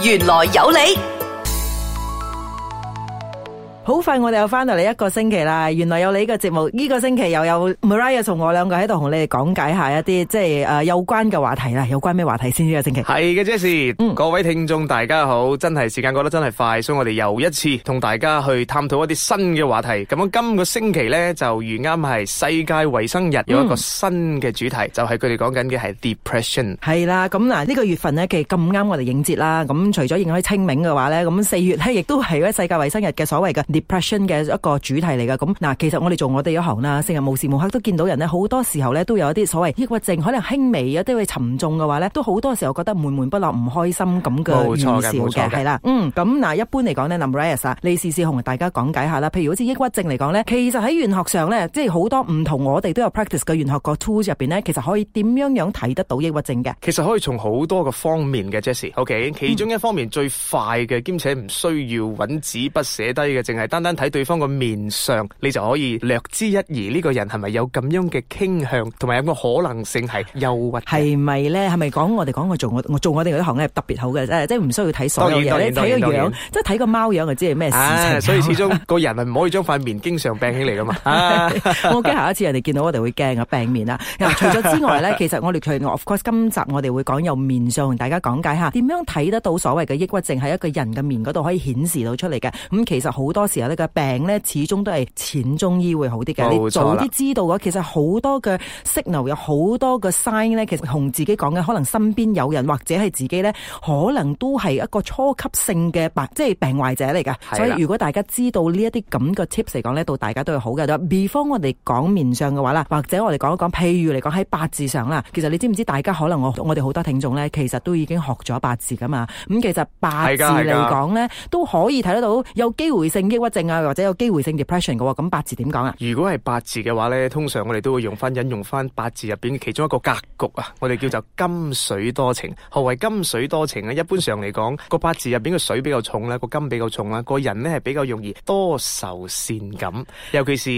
玄來有理。好快我哋又翻到嚟一個星期啦，原來有你呢個節目，呢個星期又有 Maria 同我兩個喺度同你哋講解下一啲即係誒有關嘅話題啦，有關咩話題先呢個星期？Jessie 係嘅啫，是，嗯，各位聽眾大家好，真係時間過得真係快，所以我哋又一次同大家去探討一啲新嘅話題。咁樣今個星期咧就如啱係世界衛生日，有一個新嘅主題，就係佢哋講緊嘅係 Depression。係啦，咁嗱呢個月份咧其實咁啱我哋應節啦，咁除咗迎接清明嘅話咧，咁四月咧亦都係喺世界衛生日嘅所謂嘅。Depression 嘅一個主題嚟㗎，咁嗱，其實我哋做我哋一行啦，成日無時無刻都見到人咧，好多時候咧都有一啲所謂抑鬱症，可能輕微啊，都會沉重嘅話咧，都好多時候覺得悶悶不樂、唔開心咁嘅，冇錯嘅，係啦，嗯，咁嗱，一般嚟講咧，林瑞亞，你試試同大家講解一下啦，譬如好似抑鬱症嚟講咧，其實喺玄學上咧，即係好多唔同我哋都有 practice 嘅玄學個 tool 入邊咧，其實可以點樣樣睇得到抑鬱症嘅？其實可以從好多個方面嘅，Jesse，OK，okay？其中一方面最快嘅，兼、嗯、且唔需要揾紙筆寫低嘅，淨係。單單睇對方個面相，你就可以略知一二呢個人係咪有咁樣嘅傾向，同埋有個可能性係憂鬱？係咪咧？係咪講我哋講我做我我做我哋嗰行咧特別好嘅？誒，即係唔需要睇所有嘢，睇個樣，即係睇個貓樣就知係咩事情。所以始終個人係唔可以將塊面經常病起嚟㗎嘛。我驚下一次人哋見到我哋會驚啊病面啊！除咗之外咧，其實我哋佢我 of course 今集我哋會講由面相同大家講解吓點樣睇得到所謂嘅抑鬱症喺一個人嘅面嗰度可以顯示到出嚟嘅。咁其實好多，時候呢個病咧，始終都係淺中醫會好啲嘅，你早啲知道嘅。其實好多嘅 signal，有好多嘅 sign 咧，其實同自己講嘅，可能身邊有人或者係自己咧，可能都係一個初級性嘅病，即係病患者嚟㗎。所以如果大家知道呢一啲咁嘅 tips 嚟講咧，對大家都有好嘅。比方，譬如我哋講面相嘅話啦，或者我哋講一講，譬如嚟講喺八字上啦，其實你知唔知？大家可能我我哋好多聽眾咧，其實都已經學咗八字噶嘛。咁其實八字嚟講咧，都可以睇得到有機會性抑鬱症啊，或者有機會性 depression 嘅話，咁八字點講啊？如果係八字嘅話呢，通常我哋都會用翻引用翻八字入邊嘅其中一個格局，啊，我哋叫做金水多情。何為金水多情啊？一般上嚟講，個八字入邊嘅水比較重咧，個金比較重啦，個人呢係比較容易多愁善感，尤其是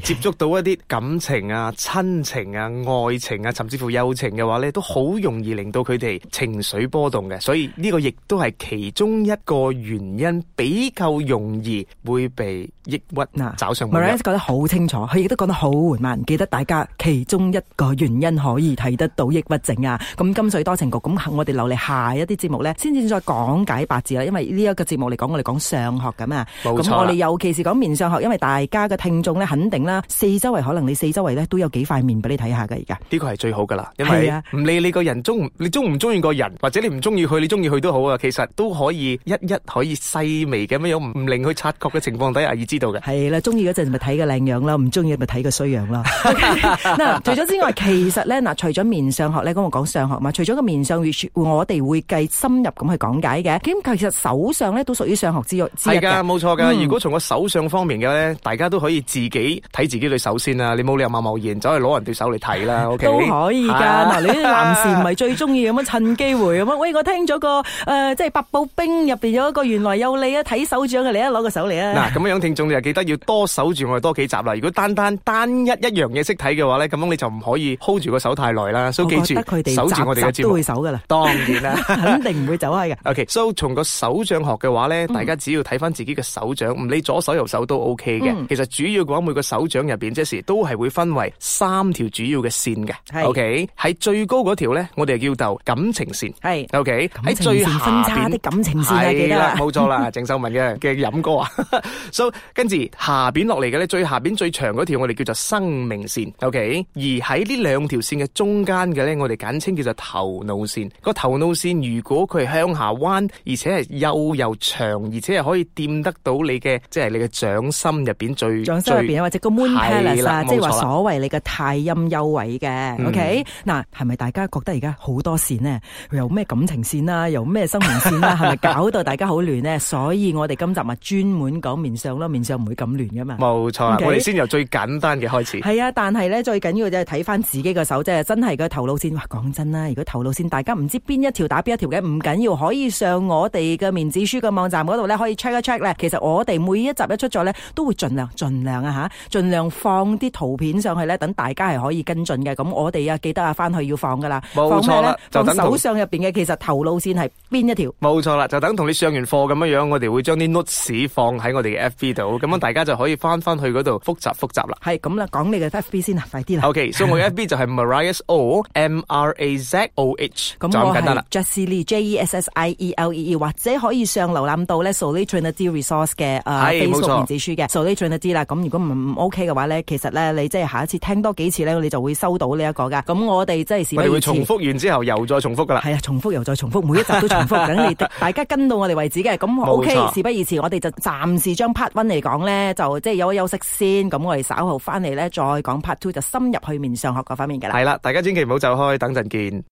接觸到一啲感情啊、親情啊、愛情啊，甚至乎友情嘅話呢，都好容易令到佢哋情緒波動嘅。所以呢個亦都係其中一個原因，比較容易。會被抑鬱啊，找上門。Marines 講得好清楚，佢亦都講得好緩慢。記得大家其中一個原因可以睇得到抑鬱症啊。咁金水多情局，咁我哋留嚟，下一啲節目咧，先至再講解八字啦。因為呢一個節目嚟講，我哋講上學噶嘛。冇錯。咁我哋尤其是講面上學，因為大家嘅聽眾咧，肯定啦，四周圍可能你四周圍咧都有幾塊面俾你睇下噶。而家呢個係最好噶啦，係啊，唔理你個人中，你中唔中意個人，或者你唔中意佢，你中意佢都好啊。其實都可以一一可以細微嘅咁樣，唔令佢擦。嘅情況底下已知道嘅係啦，中意嗰陣咪睇個靚樣咯，唔中意咪睇個衰樣咯。嗱、okay? 除咗之外，其實咧嗱，除咗面相學咧，咁我講相學嘛，除咗個面相，我哋會計深入咁去講解嘅。咁其實手相咧都屬於相學之用之一嘅，冇錯噶。如果從個手相方面嘅咧，大家都可以自己睇自己對手先啦，你冇理由貿貿然走去攞人對手嚟睇啦。Okay? 都可以噶，嗱， 你啲男士唔係最中意咁樣趁機會咁樣？喂，我聽咗個誒、呃，即係八寶兵入邊有一個原來有你啊，睇手掌嘅，你一攞個手嗱咁樣樣，聽眾你又記得要多守住我哋多幾集啦。如果單單單一一樣嘢識睇嘅話咧，咁樣你就唔可以 hold 住個手太耐啦。所以記住，守住我哋嘅節目都會守噶啦。當然啦，肯定唔會走開嘅。OK，所以從個手掌學嘅話咧，大家只要睇翻自己嘅手掌，唔理左手右手都 OK 嘅。其實主要嘅話，每個手掌入邊即係時都係會分為三條主要嘅線嘅。OK，喺最高嗰條咧，我哋叫做感情線。係 OK，喺最下邊啲感情線記得啦，冇錯啦，鄭秀文嘅嘅飲歌啊。所 以、so, 跟住下邊落嚟嘅咧，最下邊最長嗰條我哋叫做生命線，OK？而喺呢兩條線嘅中間嘅咧，我哋簡稱叫做頭腦線。個頭腦線如果佢係向下彎，而且係幼又長，而且係可以掂得到你嘅，即、就、係、是、你嘅掌心入邊最掌心入邊，或者個 Moon Palace、啊、即係話所謂你嘅太陰優位嘅，OK？嗱，係咪大家覺得而家好多線呢？有咩感情線啦、啊，有咩生命線啦、啊，係 咪搞到大家好亂呢？所以我哋今集咪專門。講面相咯，面相唔會咁亂噶嘛。冇錯，啊，okay? 我哋先由最簡單嘅開始。係啊，但係咧最緊要就係睇翻自己嘅手啫，真係個頭腦線。話講真啦，如果頭腦線大家唔知邊一條打邊一條嘅，唔緊要，可以上我哋嘅面子書嘅網站嗰度咧，可以 check 一 check 咧。其實我哋每一集一出咗咧，都會盡量盡量啊吓，盡量放啲圖片上去咧，等大家係可以跟進嘅。咁我哋啊記得啊翻去要放噶啦。冇錯啦，就等手上入邊嘅其實頭腦線係邊一條。冇錯啦，就等同你上完課咁樣樣，我哋會將啲 notes 放。喺我哋嘅 FB 度，咁樣大家就可以翻翻去嗰度復習復習啦。係咁啦，講你嘅 FB 先啦，快啲啦。OK，所以我嘅 FB 就係 m a r i a s O M R A Z O H，咁就簡單啦 Jessie L E E 或者可以上瀏覽到呢 s o l e Trinity Resource 嘅誒，電子、呃、書嘅 s o l e Trinity 啦。咁如果唔唔 OK 嘅話咧，其實咧你即係下一次聽多幾次咧，你就會收到呢一個噶。咁我哋即係事咪會重複完之後又再重複噶啦？係啊，重複又再重複，每一集都重複，等 你大家跟到我哋為止嘅。咁 OK，事不宜遲，我哋就暫。同時將 Part One 嚟講咧，就即係有得休息先。咁我哋稍後翻嚟咧，再講 Part Two，就深入去面上學嗰方面嘅啦。係啦，大家千祈唔好走開，等陣見。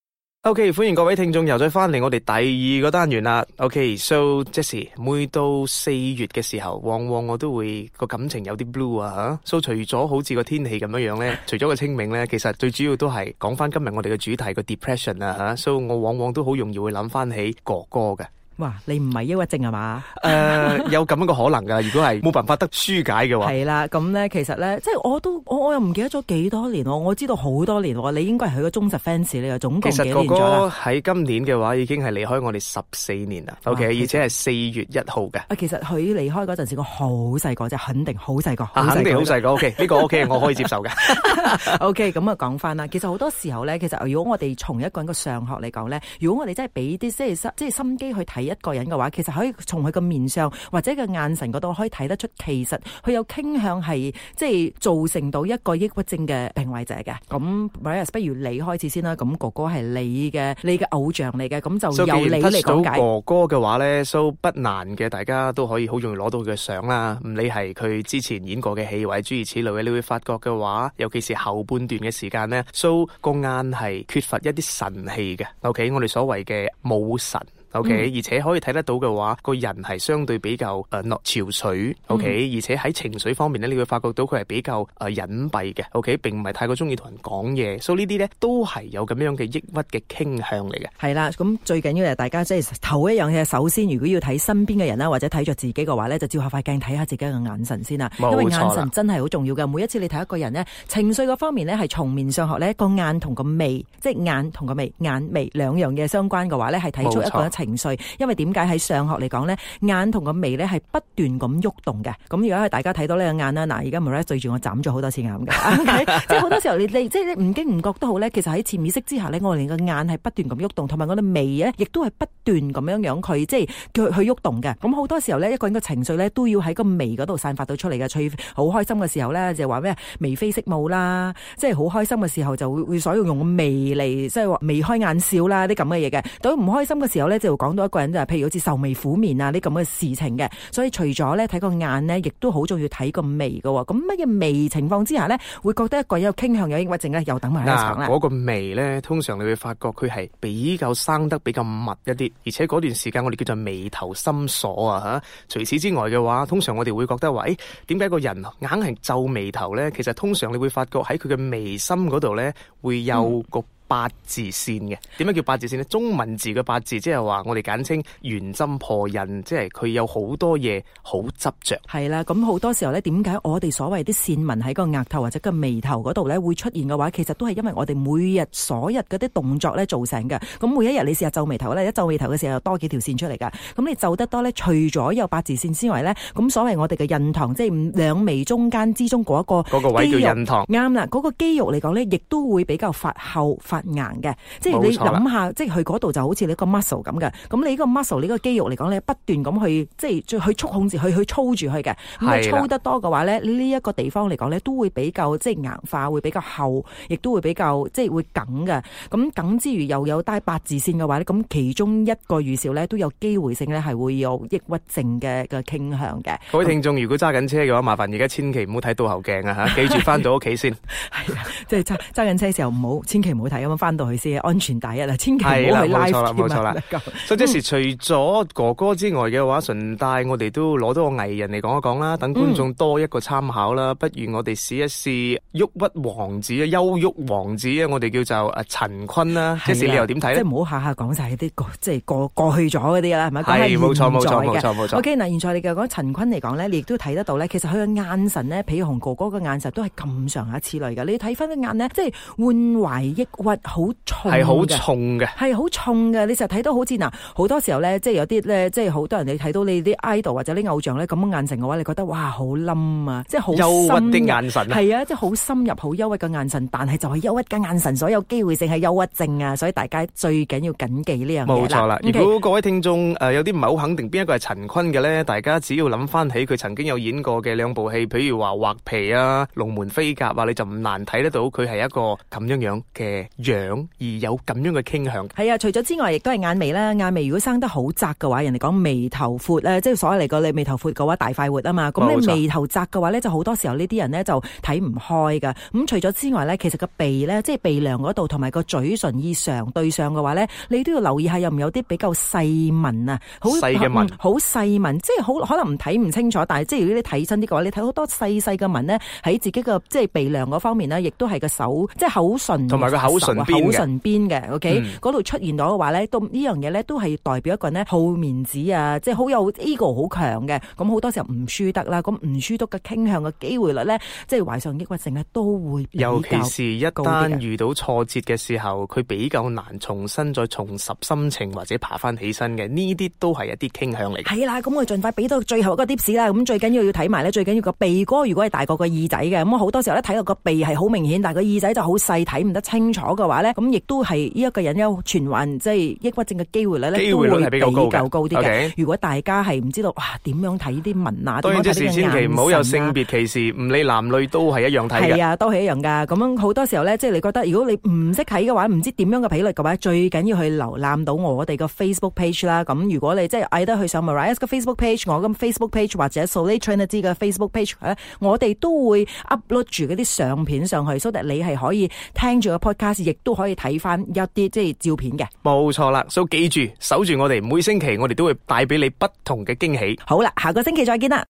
OK，歡迎各位聽眾又再翻嚟我哋第二個單元啦。OK，So Jessie，每到四月嘅時候，往往我都會個感情有啲 blue 啊吓。So 除咗好似個天氣咁樣樣咧，除咗個清明咧，其實最主要都係講翻今日我哋嘅主題個 depression 啊吓。So 我往往都好容易會諗翻起哥哥嘅。哇！你唔係抑鬱症係嘛？誒、呃， 有咁樣嘅可能噶，如果係冇辦法得紓解嘅話，係 啦。咁、嗯、咧，其實咧，即係我都我我又唔記得咗幾多年，我知道好多年。你應該係佢個忠實 fans，你又總共幾年咗啦？其實哥哥喺今年嘅話，已經係離開我哋十四年啦。啊、o、okay, K，而且係四月一號嘅。其實佢離開嗰陣時，我好細個啫，肯定好細、這個，肯定好細、okay, 個。O K，呢個 O K，我可以接受嘅。O K，咁啊，講翻啦。嗯嗯嗯嗯嗯、 其實好多時候咧，其實如果我哋從一個人嘅上學嚟講咧，如果我哋真係俾啲即係心即係心機去睇。一個人嘅話，其實可以從佢嘅面相或者個眼神嗰度可以睇得出，其實佢有傾向係即係造成到一個抑鬱症嘅病患者嘅。咁，Maris，不如你開始先啦。咁哥哥係你嘅你嘅偶像嚟嘅，咁就由你嚟講解。哥哥嘅話咧，So 不難嘅，大家都可以好容易攞到佢嘅相啦。唔理係佢之前演過嘅戲或者諸如此類嘅，你會發覺嘅話，尤其是後半段嘅時間咧，So 個眼係缺乏一啲神氣嘅。OK，我哋所謂嘅武神。OK，而且可以睇得到嘅話，個人係相對比較誒落潮水。OK，嗯，而且喺情緒方面呢，你會發覺到佢係比較誒隱蔽嘅。OK，並唔係太過中意同人講嘢，所以呢啲呢都係有咁樣嘅抑鬱嘅傾向嚟嘅。係啦，咁最緊要係大家即係頭一樣嘢，首先如果要睇身邊嘅人啦，或者睇着自己嘅話呢，就照下塊鏡睇下自己嘅眼神先啦。冇錯啦。因為眼神真係好重要嘅。每一次你睇一個人呢，情緒嘅方面呢，係從面上學呢個眼同個眉，即係眼同個眉，眼眉兩樣嘢相關嘅話呢，係睇出一個情緒，因為點解喺相學嚟講咧，眼同個眉咧係不斷咁喐動嘅。咁如果係大家睇到呢個眼啦，嗱，而家莫姐對住我眨咗好多次眼嘅，即係好多時候你你即係唔經唔覺都好咧。其實喺潛意識之下咧，我哋個眼係不斷咁喐動，同埋我哋眉咧，亦都係不斷咁樣樣佢即係叫佢喐動嘅。咁好多時候咧，一個人嘅情緒咧都要喺個眉嗰度散發到出嚟嘅。最好開心嘅時候咧，就話咩眉飛色舞啦，即係好開心嘅時候就會會所謂用個眉嚟，即係話眉開眼笑啦啲咁嘅嘢嘅。到唔開心嘅時候咧，就講到一個人就係，譬如好似愁眉苦面啊呢咁嘅事情嘅，所以除咗咧睇個眼呢，亦都好重要睇個眉嘅。咁乜嘢眉情況之下呢，會覺得一個人有傾向有抑鬱症咧，又等埋啦。嗰個眉呢，通常你會發覺佢係比較生得比較密一啲，而且嗰段時間我哋叫做眉頭深鎖啊吓。除此之外嘅話，通常我哋會覺得喂，誒、欸，點解個人硬係皺眉頭呢？」其實通常你會發覺喺佢嘅眉心嗰度呢，會有個。八字線嘅，點樣叫八字線呢？中文字嘅八字即係話，就是、說我哋簡稱懸針破印，即係佢有好多嘢好執着。係啦、啊，咁好多時候呢，點解我哋所謂啲線紋喺個額頭或者個眉頭嗰度呢？會出現嘅話，其實都係因為我哋每日所日嗰啲動作呢造成嘅。咁每一日你試下皺眉頭呢，一皺眉頭嘅時候又多幾條線出嚟㗎。咁你皺得多呢，除咗有八字線之外呢。咁所謂我哋嘅印堂，即、就、係、是、兩眉中間之中嗰一個、嗰個位叫印堂。啱啦，嗰、那個肌肉嚟講呢，亦都會比較發厚發。硬嘅，即係你諗下，即係佢嗰度就好似你一個 muscle 咁嘅。咁你呢個 muscle，呢個肌肉嚟講咧，你不斷咁去，即係去觸控住，去去操住佢嘅。咁操得多嘅話咧，呢一個地方嚟講咧，都會比較即係硬化，會比較厚，亦都會比較即係會緊嘅。咁緊之餘又有帶八字線嘅話咧，咁其中一個預兆咧，都有機會性咧係會有抑鬱症嘅嘅傾向嘅。各位聽眾，嗯、如果揸緊車嘅話，麻煩而家千祈唔好睇倒後鏡啊！吓， 記住翻到屋企先 是的。係即係揸揸緊車嘅時候唔好，千祈唔好睇咁翻到去先，安全第一啊！千祈唔好去拉翻。冇錯啦，冇錯啦。所以即時除咗哥哥之外嘅話，順帶我哋都攞到個藝人嚟講一講啦，等觀眾多一個參考啦。不如我哋試一試鬱屈王子啊，憂鬱王子啊，我哋叫做啊陳坤啦。即時你又點睇咧？即係唔好下下講曬啲過，即係過過去咗嗰啲啦，係咪？係冇錯冇錯冇錯冇錯。OK，嗱，現在你講陳坤嚟講咧，你亦都睇得到咧。其實佢嘅眼神咧，比紅哥哥嘅眼神都係咁上下似類㗎。你睇翻個眼咧，即係患懷抑鬱。好重，係好重嘅，係好重嘅。你成日睇到好似嗱，好多時候咧，即係有啲咧，即係好多人你睇到你啲 idol 或者啲偶像咧，咁樣眼神嘅話，你覺得哇，好冧啊！即係好憂鬱嘅眼神，係啊，即係好深入、好憂鬱嘅眼神。但係就係憂鬱嘅眼神，所有機會性係憂鬱症啊！所以大家最緊要謹記呢樣嘢啦。冇錯啦。如果各位聽眾誒有啲唔係好肯定邊一個係陳坤嘅咧，大家只要諗翻起佢曾經有演過嘅兩部戲，譬如話，畫皮啊、龍門飛甲啊，你就唔難睇得到佢係一個咁樣樣嘅。而有咁樣嘅傾向，係啊！除咗之外，亦都係眼眉啦，眼眉如果生得好窄嘅話，人哋講眉頭闊啦，即係所謂嚟講你眉頭闊嘅話，大快活啊嘛。咁、哦、你眉頭窄嘅話咧、哦，就好多時候呢啲人咧就睇唔開噶。咁、嗯、除咗之外咧，其實個鼻咧，即係鼻樑嗰度同埋個嘴唇以上對上嘅話咧，你都要留意下有唔有啲比較細紋啊，好細嘅紋，好細紋，即係好可能唔睇唔清楚，但係即係如果你睇真啲嘅話，你睇好多細細嘅紋咧喺自己嘅即係鼻樑嗰方面咧，亦都係個手即係口唇同埋個口唇。口唇邊嘅，OK，嗰、嗯、度出現咗嘅話咧，都呢樣嘢咧都係代表一個人咧好面子啊，即係好有呢、這個好強嘅。咁好多時候唔輸得啦，咁唔輸得嘅傾向嘅機會率咧，即係患上抑鬱症咧都會，尤其是一旦遇到挫折嘅時候，佢比較難重新再重拾心情或者爬翻起身嘅。呢啲都係一啲傾向嚟嘅。係啦，咁我盡快俾到最後嗰個 tips 啦。咁最緊要要睇埋咧，最緊要個鼻哥如果係大過個耳仔嘅，咁好多時候咧睇到個鼻係好明顯，但係個耳仔就好細，睇唔得清楚，嘅話咧，咁亦都係呢一個人有傳患即係抑鬱症嘅機會率咧，機會率係比較高啲嘅。如果大家係唔知道哇，點、okay。啊、樣睇啲文啊？當然，即係、啊、千祈唔好有性別歧視，唔理男女都係一樣睇嘅。係啊，都係一樣㗎。咁好多時候咧，即係你覺得，如果你唔識睇嘅話，唔知點樣嘅比率嘅話，最緊要去瀏覽到我哋嘅 Facebook page 啦。咁如果你即係矮得去上 Marie’s 嘅 Facebook page，我個 Facebook page 或者 Social Trend 啲嘅 Facebook page、啊、我哋都會 upload 住嗰啲相片上去，所以你係可以聽住個 podcast。亦都可以睇翻一啲即係照片嘅，冇錯啦。所以記住守，守住我哋每星期，我哋都會帶俾你不同嘅驚喜。好啦，下個星期再見啦。